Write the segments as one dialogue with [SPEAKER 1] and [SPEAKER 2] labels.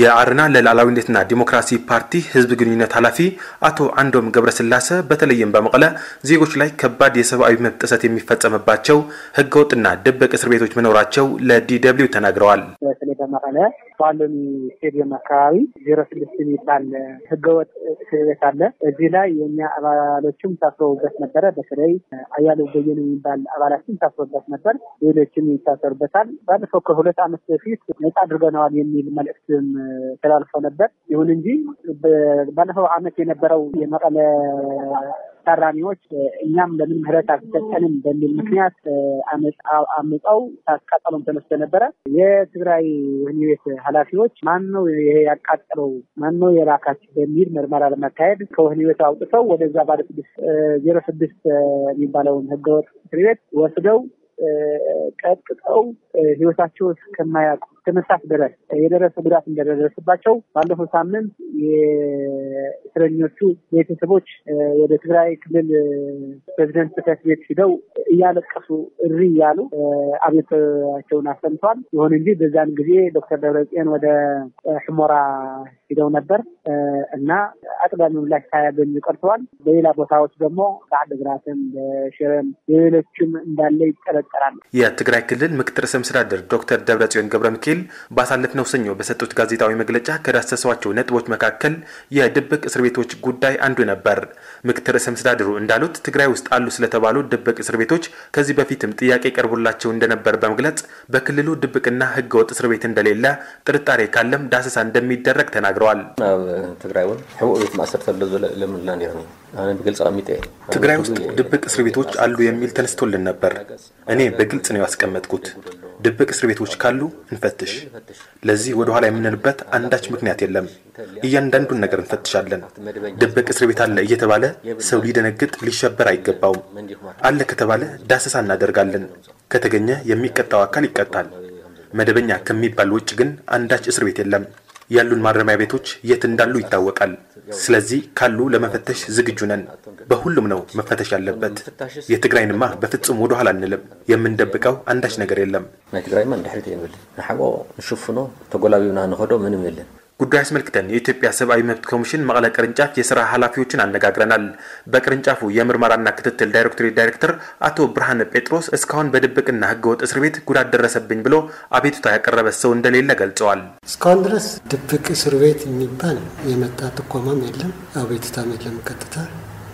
[SPEAKER 1] የአረና ለሉዓላዊነትና ዲሞክራሲ ፓርቲ ህዝብ ግንኙነት ኃላፊ አቶ አንዶም ገብረስላሴ በተለይም በመቀለ ዜጎች ላይ ከባድ የሰብአዊ መብት ጥሰት የሚፈጸምባቸው ህገወጥና ደበቅ እስር ቤቶች መኖራቸው ለዲ ተናግረዋል።
[SPEAKER 2] ወደ መቀለ ባሎኒ ስቴዲየም አካባቢ ዜሮ ስድስት የሚባል ህገወጥ እስር ቤት አለ። እዚህ ላይ የእኛ አባሎችም ታስረውበት ነበረ። በተለይ አያሌው በየነ የሚባል አባላችን ታስሮበት ነበር። ሌሎችም ይታሰሩበታል። ባለፈው ከሁለት ዓመት በፊት ነጻ አድርገነዋል የሚል መልእክትም ተላልፎ ነበር። ይሁን እንጂ ባለፈው ዓመት የነበረው የመቀለ ታራሚዎች እኛም ለምን ምህረት አልተሰጠንም በሚል ምክንያት አምፀው ሳቃጠሎም ተነስተ ነበረ። የትግራይ ወህኒ ቤት ኃላፊዎች ማን ነው ይሄ ያቃጠለው ማን ነው የላካችሁ በሚል ምርመራ ለመካሄድ ከወህኒ አውጥተው ወደዛ ባለስድስት ዜሮ ስድስት የሚባለውን ህገወጥ እስር ቤት ወስደው ቀጥቅጠው ህይወታቸው እስከማያውቁ ከመሳት ድረስ የደረሰ ጉዳት እንደደረሰባቸው ባለፈው ሳምንት የእስረኞቹ ቤተሰቦች ወደ ትግራይ ክልል ፕሬዚደንት ጽሕፈት ቤት ሂደው እያለቀሱ እሪ እያሉ አቤታቸውን አሰምተዋል። ይሁን እንጂ በዛን ጊዜ ዶክተር ደብረጽዮን ወደ ሕሞራ ሂደው ነበር እና አቅዳሚ ምላሽ ሳያገኙ ቀርተዋል። በሌላ ቦታዎች ደግሞ በአድግራትም፣ በሽረም፣ በሌሎችም እንዳለ ይጠረጠራል።
[SPEAKER 1] የትግራይ ክልል ምክትል ርዕሰ መስተዳድር ዶክተር ደብረጽዮን ገብረ ሚካኤል ባሳለፍነው ሰኞ በሰጡት ጋዜጣዊ መግለጫ ከዳሰሷቸው ነጥቦች መካከል የድብቅ እስር ቤቶች ጉዳይ አንዱ ነበር። ምክትል ርዕሰ መስተዳድሩ እንዳሉት ትግራይ ውስጥ አሉ ስለተባሉ ድብቅ እስር ቤቶች ከዚህ በፊትም ጥያቄ ቀርቦላቸው እንደነበር በመግለጽ በክልሉ ድብቅና ህገወጥ እስር ቤት እንደሌለ ጥርጣሬ ካለም ዳሰሳ እንደሚደረግ ተናግረዋል። ትግራይ ውን ሕቡእ ቤት ማሰር ትግራይ ውስጥ ድብቅ እስር ቤቶች አሉ የሚል ተነስቶልን ነበር። እኔ በግልጽ ነው ያስቀመጥኩት። ድብቅ እስር ቤቶች ካሉ እንፈትሽ። ለዚህ ወደ ኋላ የምንልበት አንዳች ምክንያት የለም። እያንዳንዱን ነገር እንፈትሻለን። ድብቅ እስር ቤት አለ እየተባለ ሰው ሊደነግጥ ሊሸበር አይገባውም። አለ ከተባለ ዳሰሳ እናደርጋለን። ከተገኘ የሚቀጣው አካል ይቀጣል። መደበኛ ከሚባል ውጭ ግን አንዳች እስር ቤት የለም። ያሉን ማረሚያ ቤቶች የት እንዳሉ ይታወቃል። ስለዚህ ካሉ ለመፈተሽ ዝግጁ ነን። በሁሉም ነው መፈተሽ ያለበት። የትግራይንማ በፍጹም ወደ ኋላ አንልም። የምንደብቀው አንዳች ነገር የለም። ናይ ትግራይማ እንድሕሪት የንብል ንሓቆ ንሽፍኖ ተጎላቢብና ንኸዶ ምንም የለን ጉዳይ አስመልክተን የኢትዮጵያ ሰብአዊ መብት ኮሚሽን መቀለ ቅርንጫፍ የስራ ኃላፊዎችን አነጋግረናል። በቅርንጫፉ የምርመራና ክትትል ዳይሬክቶሬት ዳይሬክተር አቶ ብርሃነ ጴጥሮስ እስካሁን በድብቅና ህገወጥ እስር ቤት ጉዳት ደረሰብኝ ብሎ አቤቱታ ያቀረበ ሰው እንደሌለ ገልጸዋል። እስካሁን ድረስ ድብቅ እስር ቤት የሚባል የመጣ ጥቆማም የለም፣ አቤቱታም የለም። ቀጥታ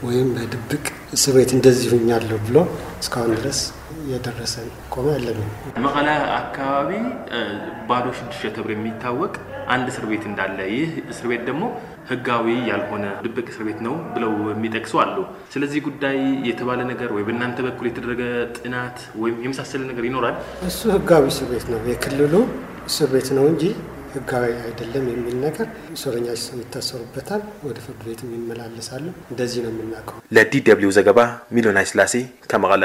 [SPEAKER 1] ወይም በድብቅ እስር ቤት እንደዚሁኛለሁ ብሎ እስካሁን ድረስ የደረሰ ቆመ ያለም መቀለ አካባቢ ባዶ ሽድሸ ተብሎ የሚታወቅ አንድ እስር ቤት እንዳለ፣ ይህ እስር ቤት ደግሞ ህጋዊ ያልሆነ ድብቅ እስር ቤት ነው ብለው የሚጠቅሱ አሉ። ስለዚህ ጉዳይ የተባለ ነገር ወይ በእናንተ በኩል የተደረገ ጥናት ወይም የመሳሰለ ነገር ይኖራል? እሱ ህጋዊ እስር ቤት ነው የክልሉ እስር ቤት ነው እንጂ ህጋዊ አይደለም
[SPEAKER 2] የሚል ነገር እስረኛ ይታሰሩበታል፣ ወደ ፍርድ ቤትም ይመላለሳሉ። እንደዚህ ነው የምናውቀው።
[SPEAKER 1] ለዲ ደብልዩ ዘገባ ሚሊዮን ኃይለሥላሴ ከመቀለ